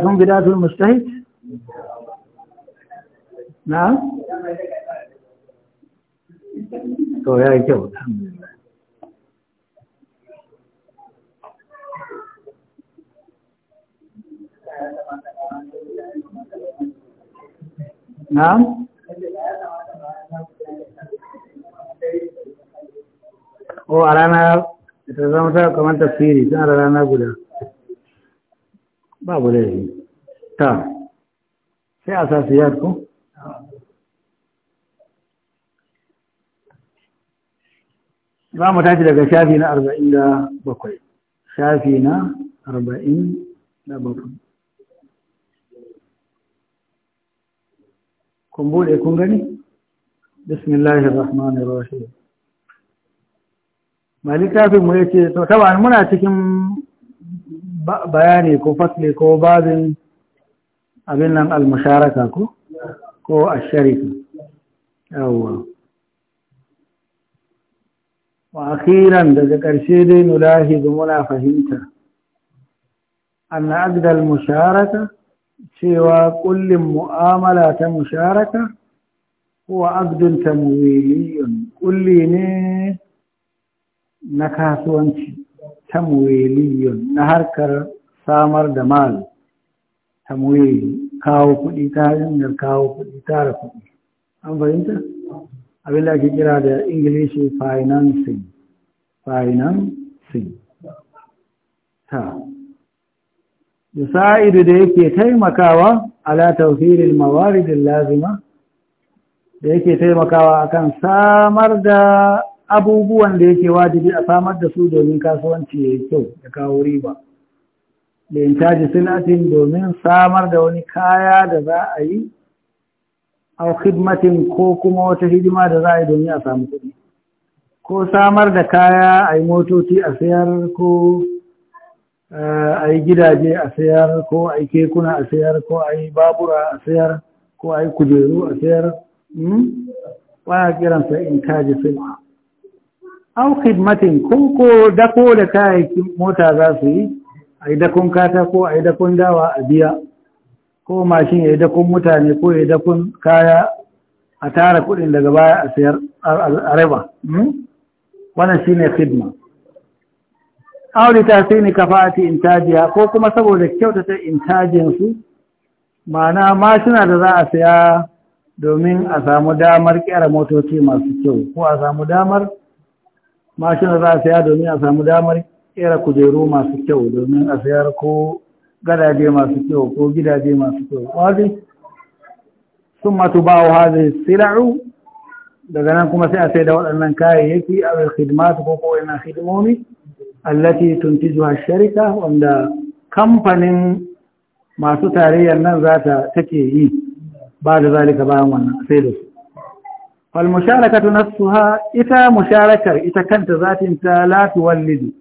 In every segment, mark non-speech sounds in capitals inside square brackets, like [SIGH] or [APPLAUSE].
هم بداية المجتهد نعم to ya yi kyau na'am o a rana ta zama ta kamar tafsiri tana da rana guda babu laifi ta sai a sa siyar ko za mu tafi daga shafi na arba'in da bakwai shafi na arba'in da bakwai kun bude kun gani bismillahir rahmanir rahim malik kafin mu yace to taban muna cikin bayani ko fasle ko babin abin nan al-musharaka ko ko al shariki yawwa wa akhiran daga karshe dai nulahidu muna fahimta anna al musharaka cewa kullin mu'amala ta musharaka huwa abdun tamwiliyun kulli ne na kasuwanci tamwiliyun na harkar samar da mal tamwili kawo kuɗi ta hanyar kawo kuɗi tara kuɗi an fahimta abin da ake kira da ingilishi financing financing ta yusa'idu da yake taimakawa ala tawfiril mawaridil lazima da yake taimakawa akan samar da abubuwan da yake wajibi a samar da su domin kasuwanci ya yi kyau da kawo riba da intaji sinatin domin samar da wani kaya da za a yi au khidmatin ko kuma wata hidima da za a yi domin a samu kuɗi ko samar da kaya a yi motoci a sayar ko eh, a yi gidaje a sayar ko a yi kekuna a sayar ko a yi babura a sayar ko a yi kujeru a sayar hmm? ba a kiransa in kaji suna au khidmatin kun ko dako da kayayyakin mota za su yi a yi dakon katako a yi dakon dawa a biya ko mashin ya yi dakon mutane ko ya yi dakon kaya a tara kudin daga baya a sayar a raba hmm? wannan shine khidma aure ta sai ni kafa'ati intajiya ko kuma saboda kyautata intajin su ma'ana mashina da za a saya domin a samu damar kera motoci masu kyau ko a samu damar mashina za a saya domin a samu damar kera kujeru masu kyau domin a sayar ko gadaje masu kyau ko gidaje masu kyau wazi sun matu ba wa hazi sila'u daga nan kuma sai a sai da waɗannan kayayyaki a wani khidmatu ko kowai na khidmomi allati zuwa sharika wanda kamfanin masu tarayyar nan za ta take yi ba da zalika bayan wannan sai da su falmusharakatu nafsuha ita musharakar ita kanta zatin ta la tuwallidu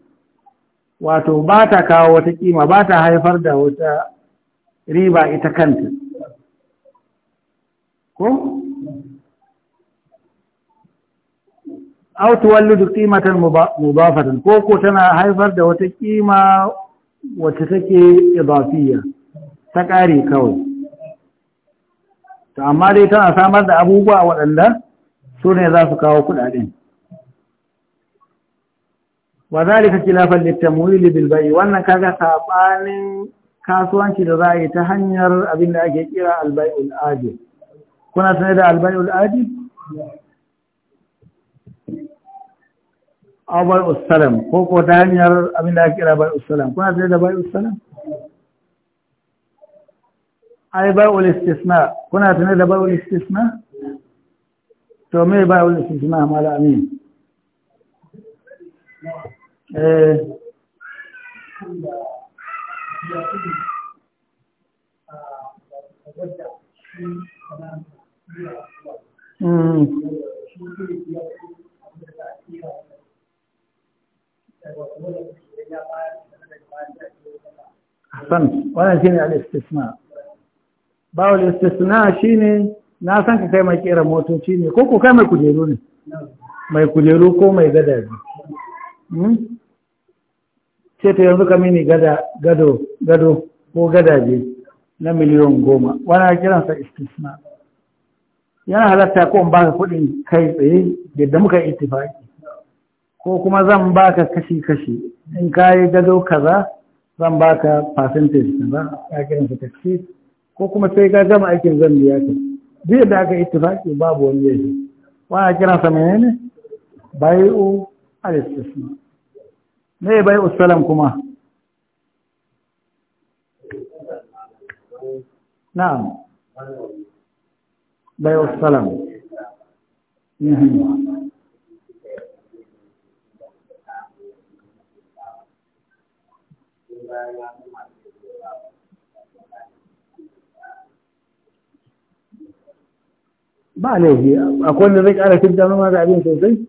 wato ba ta kawo wata kima ba ta haifar da wata riba ita kanta ko aw tuwallidu qimatan mudafatan ko ko tana haifar da wata kima wacce take idafiyya ta kare kawai to amma dai tana samar da abubuwa waɗanda su ne za su kawo kuɗaɗen. wa zalika khilafan litamwil bil bay wannan kaga sabanin kasuwanci da za a yi ta hanyar abin da ake kira al-bai'ul ajil kuna sanar da al-bai'ul ajil aw bai'us salam ko ko ta hanyar abin da ake kira bai'us salam kuna sanar da bai'us salam ai bai'ul istisna kuna sanar da bai'ul istisna تو me ba wani مال امين amin eh Mm. أحسنت وأنا على الاستثناء باو الاستثناء شيني na san ka kai mai kera motoci ne ko ko kai mai kujeru ne mai kujeru ko mai gada ne ce hmm? ta yanzu ka mini gada gado gado ko ne na miliyon goma wani kiransa istisna yana halatta ko in baka kuɗin kai tsaye yadda muka ittifaki ko kuma zan baka kashi-kashi in ka yi gado kaza zan baka percentage kaza ya kiransa taxi ko kuma sai ka gama aikin zan biya ka duk da aka ittifaki babu wani yaji wa kira sa menene bai'u al-istisna me bai'u salam kuma na'am bai'u salam Thank mhm. you. ba laifi akwai wanda zai ƙara fidda noma da abin sosai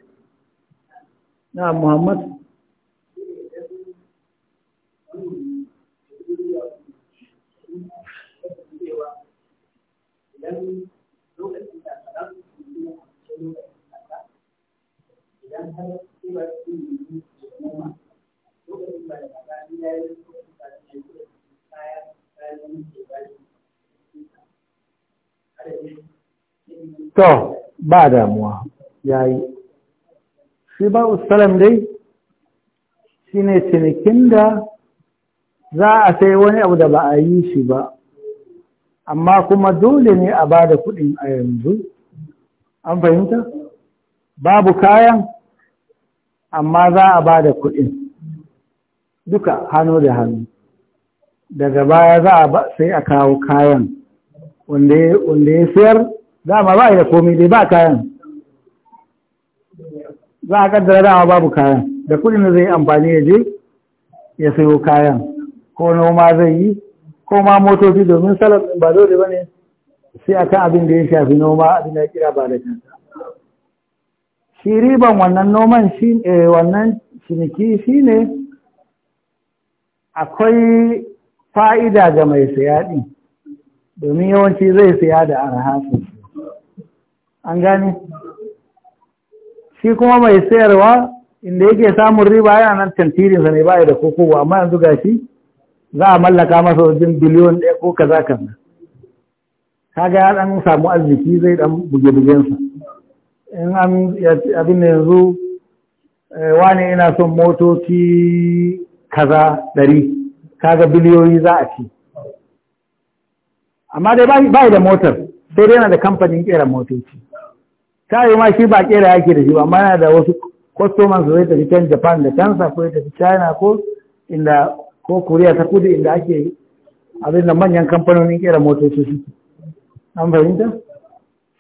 na muhammad Thank you. to ba damuwa ya yi. shi ba usalam dai shine cinikin da za a sai wani abu da ba a yi shi ba amma kuma dole ne a ba da kuɗin a yanzu an fahimta babu kayan amma za a ba da kuɗin duka hannu da hannu daga baya za a sai a kawo kayan wanda ya sayar dama ba da komai dai ba kayan za a kaddara dama babu kayan da kudin da zai amfani ya je ya sayo kayan ko noma zai yi ko ma motoci domin salaf ba dole ba ne sai a kan abin da ya shafi noma abin da ya kira ba da kanta shi riban wannan noman shi eh, wannan ciniki shi ne akwai fa'ida ga mai saya ɗin domin yawanci zai saya da arha an gane shi kuma mai sayarwa inda yake samun riba yana nan tantirinsa ne baya da kokowa amma yanzu gashi za a mallaka masa wajen biliyon ɗaya ko kaza kaza kaga ya ɗan samu arziki zai ɗan buge-bugensa in an abin da yanzu eh, wane ina son motoci kaza ɗari kaga biliyoyi za a ci amma dai ba da motar sai dai yana da kamfanin ƙera motoci ta yi ma shi ba kera yake da shi ba amma yana da wasu customers zai tafi can japan da kansa ko ya tafi china ko inda ko korea ta kudu inda ake abin da manyan kamfanonin kera motoci suke an fahimta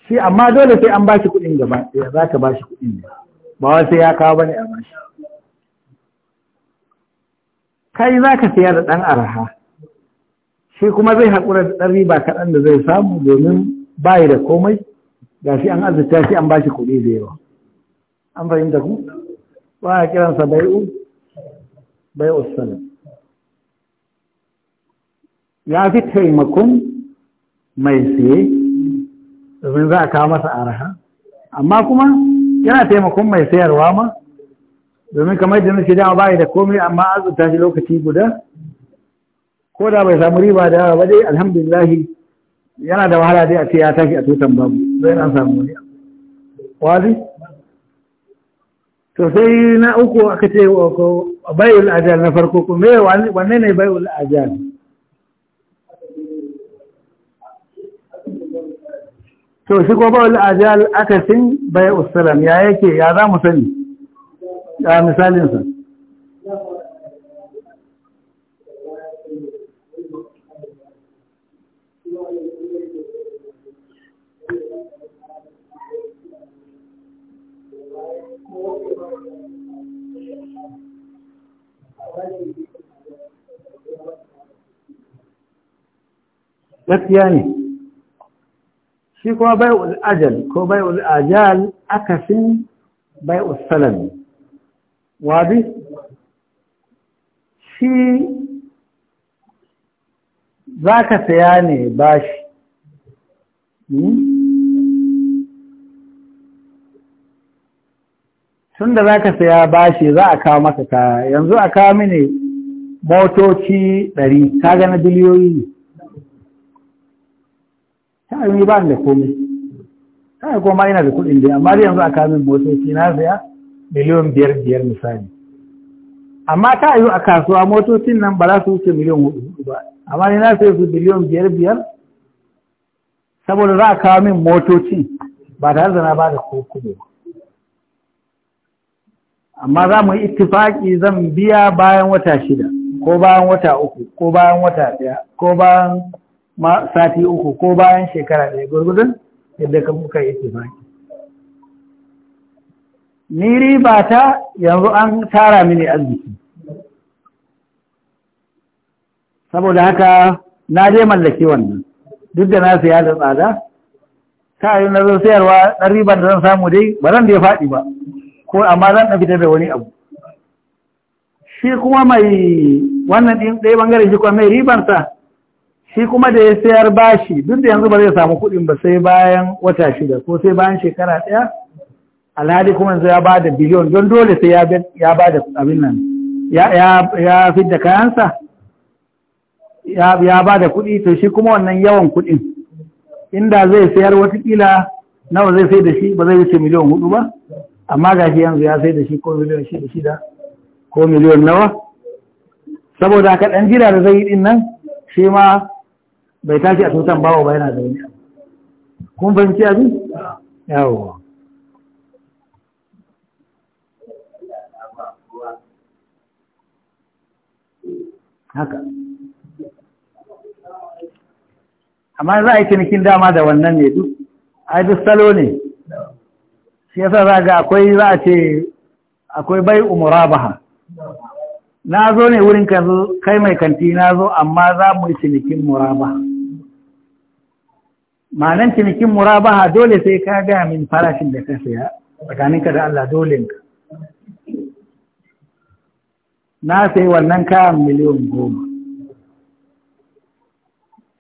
shi amma dole sai an bashi kuɗin gaba ya za ka bashi kuɗin ne ba wai sai ya kawo bane a bashi kai za ka siya da dan araha shi kuma zai haƙura da ɗari riba kaɗan da zai samu domin bayi da komai ga shi an azurta shi an ba shi kuɗi da yawa an fahimta ku ba a kiransa bai'u bai'u salam ya fi taimakon mai siye domin za a kawo masa araha amma kuma yana taimakon mai sayarwa ma domin kamar da nake dama bayi da komai amma azurta shi lokaci guda ko da bai samu riba da yawa ba dai alhamdulillah yana da wahala dai a ce ya tashi a tutan babu sai to sai na uku aka ce ko ajal na farko ko me wanne ne bai'ul ajal to shi ko bai'ul ajal aka sin bayu salam ya yake ya za mu sani ya misalinsa. gaskiya ne shi kuma bai bai'ul ajal ko bai bai'ul ajal akasin bai salami wabi shi za ka saya ne bashi hmm? tun da za ka saya bashi za a kawo maka kaya yanzu a kawo mini motoci ɗari kaga na biliyoyi kai ni ba ni da komai kai kuma ina da kuɗin da amma yanzu a kamin motoci na saya miliyan biyar biyar misali amma ta yi a kasuwa motocin nan ba za su wuce miliyan hudu ba amma ni na saya su miliyan biyar biyar saboda za a kawo min motoci ba tare da na ba da kuɗi amma za mu yi ittifaki zan biya bayan wata shida ko bayan wata uku ko bayan wata ɗaya ko bayan ma sati uku ko bayan shekara ɗaya gurgudun yadda ka muka yi tufaki ni riba ta yanzu an tara mini arziki saboda haka na je mallaki wannan duk da na siya da tsada ta yi na zan sayarwa ɗan riban da zan samu dai ba zan da ya faɗi ba ko amma zan ɗan fitar da wani abu shi kuma mai wannan ɗin ɗaya ɓangare shi kuma mai ribansa shi kuma da ya sayar bashi duk da yanzu ba zai samu kuɗin ba sai bayan wata shida ko sai bayan shekara ɗaya alhali kuma yanzu ya ba da biliyon don dole sai ya bada abin nan ya fidda kayansa ya bada kuɗi to shi kuma wannan yawan kuɗin inda zai sayar watakila nawa zai sai da shi ba zai wuce miliyon hudu ba amma ga shi yanzu ya sai da shi ko miliyon shida shida ko miliyon nawa saboda kaɗan ɗan jira da zai yi ɗin nan shi ma bai tashi a tutan bawa ba yana zaune kun fahimci abin yawo haka amma za a yi cinikin dama da wannan ne duk ai duk salo ne shi yasa za ga akwai za a ce akwai bai umura baha na zo ne wurin kai mai kanti na zo amma za mu yi cinikin murabaha. ma'anan cinikin murabaha dole sai ka gaya min farashin da ka saya tsakaninka da Allah dolenka na sai wannan kayan miliyon goma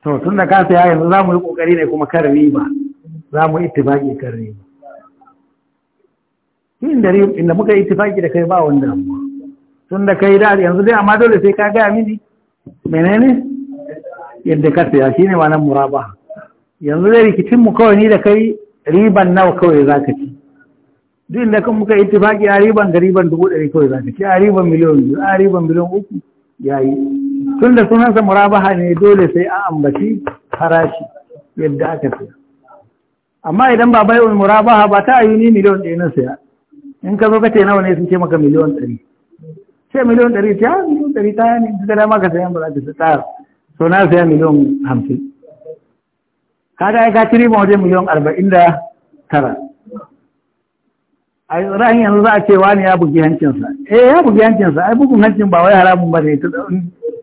to tun da ka saya yanzu za mu yi ƙoƙari ne kuma kan riba za mu ittifaƙi kan riba inda inda muka yi ittifaƙi da kai ba wani damuwa tun da kai da yanzu dai amma dole sai ka gaya mini menene yadda ka saya shine wannan murabaha yanzu zai rikicin mu kawai ni da kai riban nawa kawai za ka ci duk inda kan muka ittifaki a riban da riban dubu ɗari kawai za ka ci a riban miliyan biyu a riban miliyan uku ya yi tun da sunansa murabaha ne dole sai a ambaci farashi yadda aka saya amma idan ba bai murabaha ba ta yi ni miliyan ɗaya na saya in ka zo ka ce nawa ne sun ce maka miliyan ɗari sai miliyan ɗari ta miliyan ɗari ta ne ta dama ka sayan ba za ka tsara, so na saya miliyan hamsin kaga ya kaci riba wajen miliyan arba'in da tara a ra'ayin yanzu za a ce wani ya bugi hancinsa eh ya bugi hancinsa ai bugun hancin ba wai haramun ba ne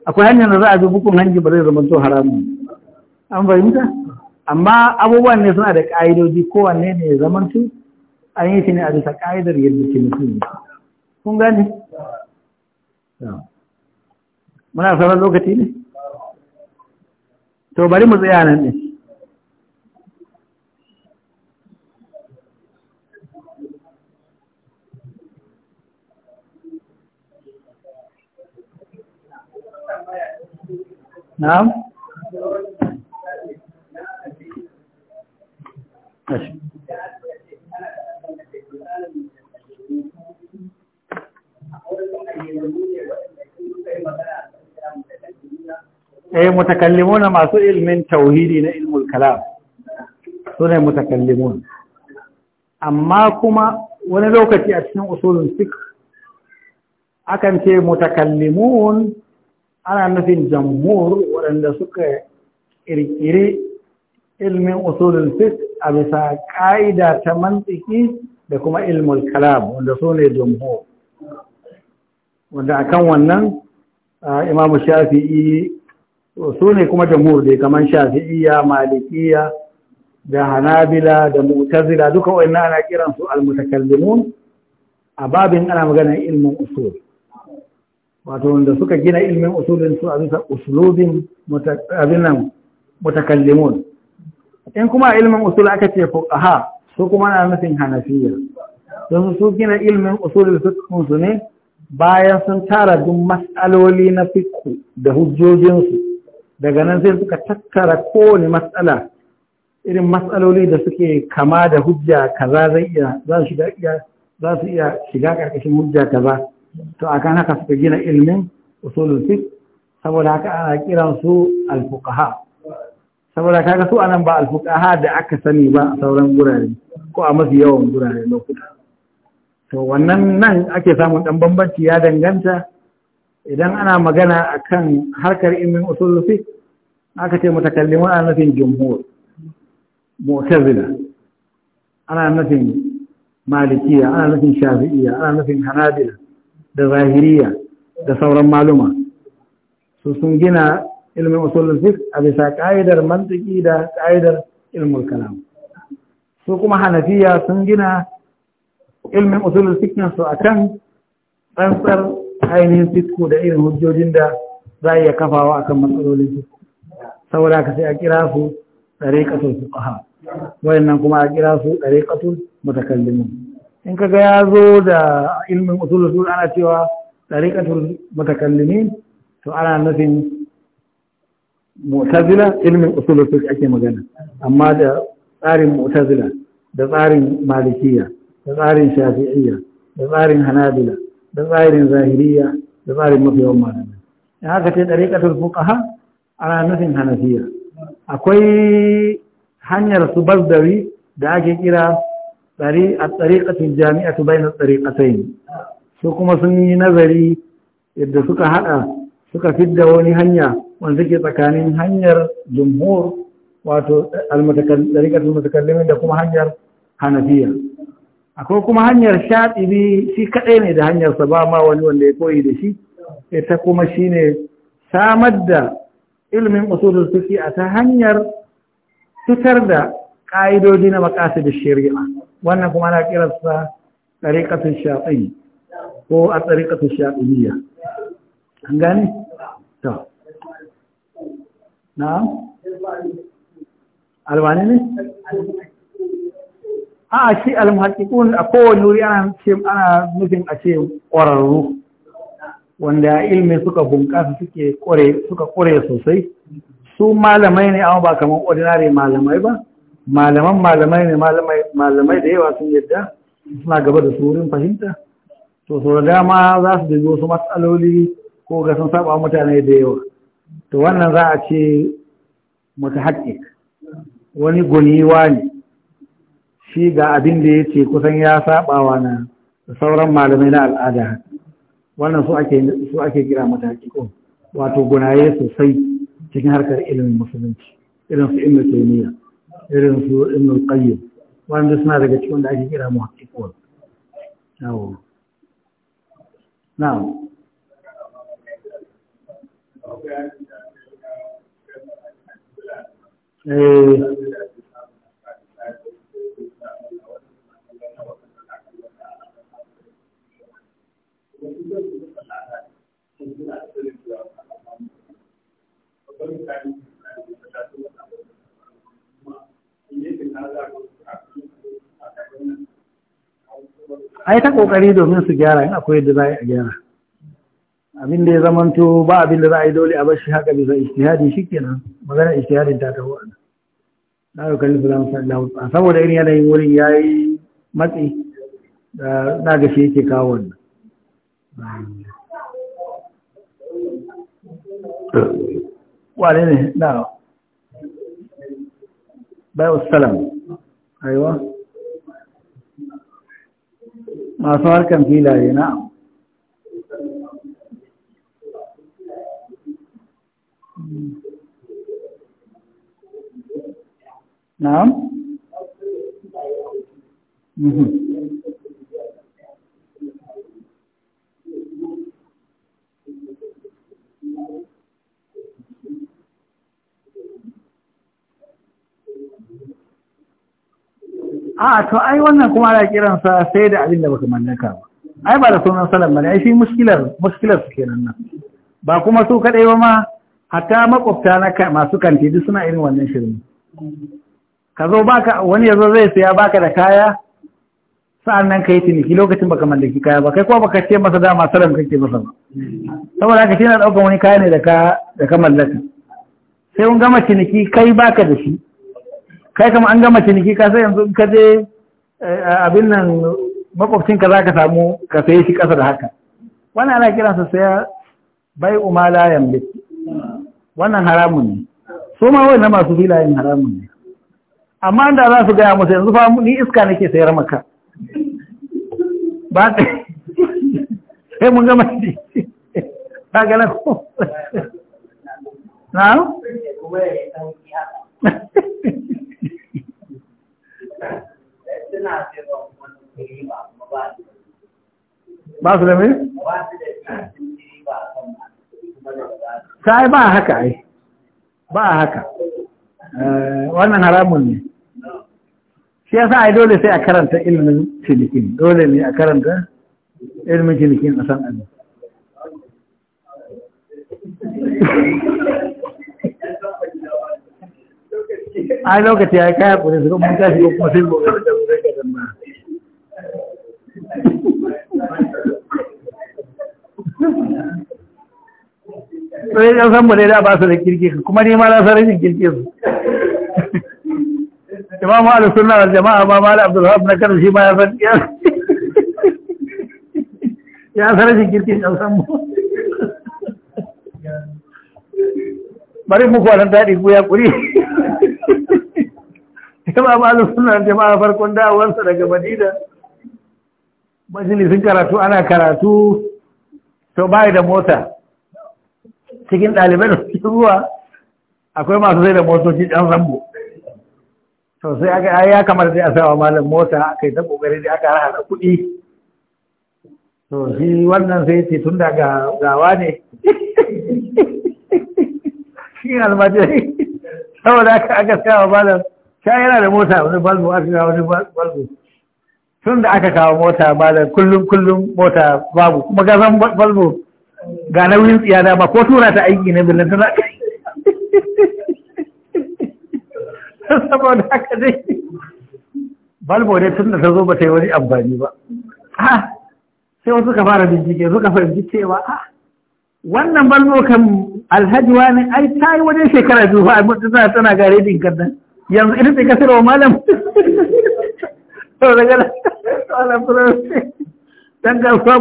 akwai hanyar da za a bi bugun hancin ba zai zama to haramun an fahimta amma abubuwan ne suna da ƙa'idoji kowanne ne ya zama su an yi shi ne a bisa ƙa'idar yadda ke mutum kun gane muna sauran lokaci ne to bari mu tsaya nan ɗin na'am eh mutakallimuna masu ilmin tauhidi na ilmul kalam sune mutakallimun amma kuma wani lokaci a cikin usulun fiqh akan ce mutakallimun ana nufin jamhur waɗanda suka ƙirƙiri ilmin usulun fit a bisa ƙa'ida ta mantiki da kuma ilmul kalam wanda su ne jamhur wanda kan wannan imam shafi'i su ne kuma jamhur dai kamar Shafi'iya, malikiya da hanabila da mu'tazila duka wa'annan ana kiransu al-mutakallimun a babin ana maganar ilmin usul wato wanda suka gina ilmin usulin su a bisa usulobin abinan mutakallimun in kuma ilmin usul aka ce fuqaha su kuma na nufin hanafiya don su gina ilmin usulin fiqhun su ne bayan sun tara duk matsaloli na fiqhu da hujjojinsu daga nan sai suka takkara kowane matsala irin matsaloli da suke kama da hujja kaza zai iya za su iya shiga karkashin hujja kaza to akan haka suka gina ilmin usulun fik saboda haka ana kiran su al saboda kaga su anan ba al da aka sani ba a sauran gurare ko a mafi yawan gurare lokuta to wannan nan ake samun dan bambanci ya danganta idan ana magana akan harkar ilmin usulun fik aka ce mutakallimun ana nufin jumhur mu'tazila ana nufin malikiya ana nufin shafi'iya, ana nufin hanabila da zahiriya da sauran maluma su sun gina ilmin usulun fiqh a bisa ƙa'idar mantiki da ka'idar ilmul kalam su kuma hanafiya sun gina ilmin usulun fiqh su akan tsantsar ainihin fiqh da irin hujjojin da za a iya kafawa akan matsalolin fiqh saboda ka sai a kira su tariqatul fuqaha wayannan kuma a kira su tariqatul mutakallimin in kaga ya zo da ilmin usulul usul ana cewa tariqatul mutakallimin to ana nufin mu'tazila ilmin usulul usul ake magana amma da tsarin mu'tazila da tsarin malikiya da tsarin shafi'iyya da tsarin hanabila da tsarin zahiriya da tsarin mafi yawan malamai in haka ce tariqatul fuqaha ana nufin hanafiya akwai hanyar su bazdari da ake kira tsariƙatun jami'atu bai na tsariƙatai su kuma sun yi nazari yadda suka haɗa suka fidda wani hanya wanda ke tsakanin hanyar jumhur wato tsariƙatun matakallimin da kuma hanyar hanafiya akwai kuma hanyar shaɗibi shi kaɗai ne da hanyarsa ba ma wani wanda ya koyi da shi ita kuma shi ne samar da ilimin usulun suke a ta hanyar fitar da ƙa'idodi na da shari'a wannan kuma ana kiransa tsarikatun shaɗin ko a tsarikatun shaɗiniya an gani? ta na? alwani ne? a a shi alhakikun a kowane wuri ana nufin a ce ƙwararru wanda ilmi suka bunƙasa suke ƙware sosai su malamai ne amma ba kamar ordinary malamai ba malaman malamai ne malamai da yawa sun yadda suna gaba da saurin fahimta to sau da dama za su dubi wasu matsaloli ko ga sun saba mutane da yawa to wannan za a ce mata haƙiƙ wani guniwa ne shi ga abin da ya ce kusan ya wa na sauran malamai na al'ada wannan su ake kira mata haƙiƙo wato gunaye sosai cikin harkar ilimin musulunci irin su ilimin taimiyya irin su ibn al-qayyim wanda suna daga cikin da ake kira muhaqqiqun yawo na'am eh kokari domin su gyara in akwai yadda za a gyara abin da ya zamanto ba abin da za a yi dole a bar shi haka bisa ijtihadi shikenan magana ishtihadi ta tawo ana na ga kallon salamu sallallahu alaihi saboda irin yanayin wurin yayi matsi da na ga shi yake kawo wannan wane ne na bai wasu salam aiwa masu harkan filaye na na'am mhm. a to ai wannan kuma ana kiransa sai da abin da baka mallaka ba ai ba da sunan salam bane ai shi muskilar muskilar su kenan nan ba kuma su kadai ba ma hatta makwabta na masu kanti duk suna irin wannan shirin ka zo baka wani yazo zai saya baka da kaya sa'an nan ka yi ciniki lokacin baka mallaki kaya ba kai kuma baka ce masa dama salam kake masa ba saboda haka shi na ɗaukar wani kaya ne da ka mallaka sai kun gama ciniki kai baka da shi kai kama an gama ciniki ka sai yanzu ka je eh, abin nan makwabcin ka za ka samu ka sai shi kasa da haka wannan ana kiransa saya bai umala yambe wannan haramun ne su ma wannan masu filayen haramun ne amma da za su gaya musu yanzu fa ni iska nake sayar maka ba [LAUGHS] sai mun gama shi [LAUGHS] ba ga na ko na ba su da mai? sai ba haka ai ba haka eh, wannan haramun ne shi yasa ai dole sai a karanta ilimin cinikin dole ne a karanta ilimin cinikin a san abin [LAUGHS] a lokaci ya kaya kuri su mun kashi ko kuma sai gobe da zai ka zama sai ɗan san mu dai da ba su da kirki kuma ni ma na san rashin kirki su imamu ala sunna wal jama'a ma mala abdul wahab na kano shi ma ya san ya san rashin kirki ɗan san mu bari muku wannan daɗi ku ya kuri ba malin suna jama'a farkon dawarsa daga madina majalisun karatu ana karatu to bai da mota cikin ɗaliban da ruwa akwai masu zai da motoci ɗan zambo to sai aka ya kamar sai a sawa malam mota aka yi ta kokari da aka hada kuɗi to shi wannan sai ce tun da gawa ne [LAUGHS] shi almajiri saboda aka aka sawa malam ta yana da mota wani balbu aka kawo wani balbu tun da aka kawo mota ba da kullum kullum mota babu kuma gazan balbu ga nauyin tsiyada ba ko tura ta aiki ne bilin tana [LAUGHS] saboda haka dai balbo ne tun da ta zo ba ta yi wani amfani ba sai wasu ka fara bincike suka fahimci cewa ah, wannan balbo kan alhaji wani ai ta yi wajen shekara biyu ba a mutu tana gare din kan nan yanzu irin sai kasar wa malam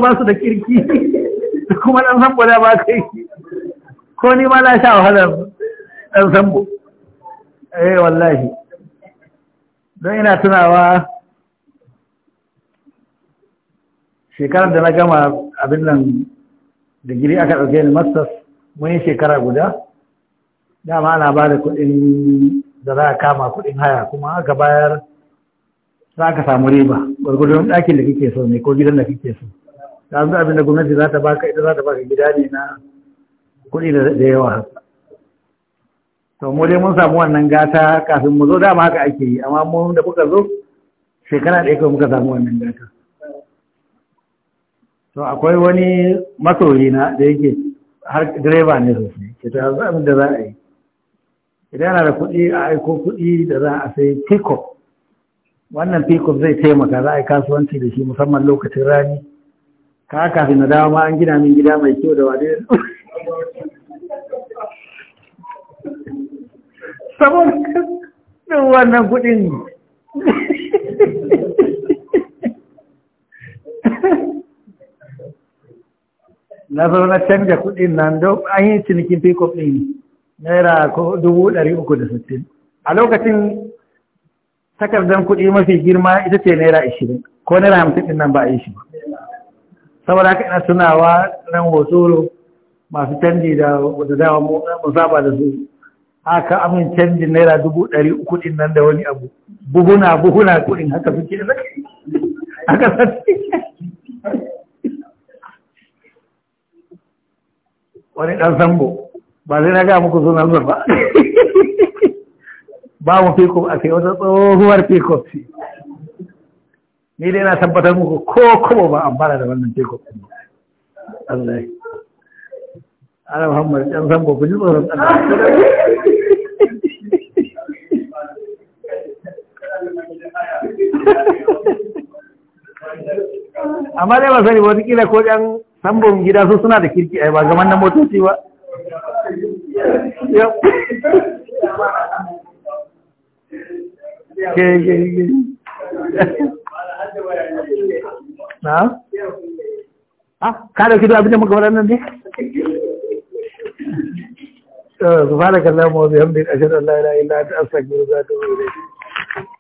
ba su da kirki kuma dan sambo da ba kai ko ni ma na sha wahalar dan sambo eh wallahi don ina tunawa shekarar da na gama abin nan digiri aka ɗauke ni masters mun yi shekara guda dama ana ba da kuɗin da za a kama kuɗin haya kuma aka bayar za ka samu riba gwargwadon ɗakin da kike so ne ko gidan da kike so ta zuwa abin da gwamnati za ta baka ita za ta baka gida ne na kuɗi da yawa to mu dai mun samu wannan gata kafin mu zo dama haka ake yi amma mu da kuka zo shekara ɗaya kawai muka samu wannan gata to akwai wani masoyi na da yake har direba ne sosai ke ta zuwa abin da za a yi idan yana da kuɗi a aiko kuɗi da za a sai pikop wannan pikop zai taimaka za a yi kasuwanci da shi musamman lokacin rani ka kafin na dawa ma an gina min gida mai kyau da wade saboda ɗin wannan kuɗin na zo na canja kuɗin nan don an yi cinikin pikop ɗin ne naira dubu ɗari uku da sittin a lokacin takardar kuɗi mafi girma ita ce naira ashirin ko naira hamsin ɗin nan ba a yi shi ba saboda haka ina tunawa nan hotoro masu canji da da dawa mu saba da su haka amin canjin naira dubu ɗari uku ɗin nan da wani abu buhuna buhuna kuɗin haka suke da haka sati wani ɗan sambo ba zai na ga muku nan ba ba mu fikon a fi wata tsohuwar fi kofi ni dai na tabbatar muku ko kuma ba ambara da wannan fikon ɗin Allah ya muhammad ɗan san ku ji tsoron Allah [LAUGHS] amma dai ba sani wata kila ko ɗan sambon gida su suna da kirki ai ba gaman na motoci ba na? ah ka dauki duk abinda muka waɗannan ne? subhanakallahumma wa bihamdika ashhadu an la ilaha illa anta astaghfiruka wa atubu ilayk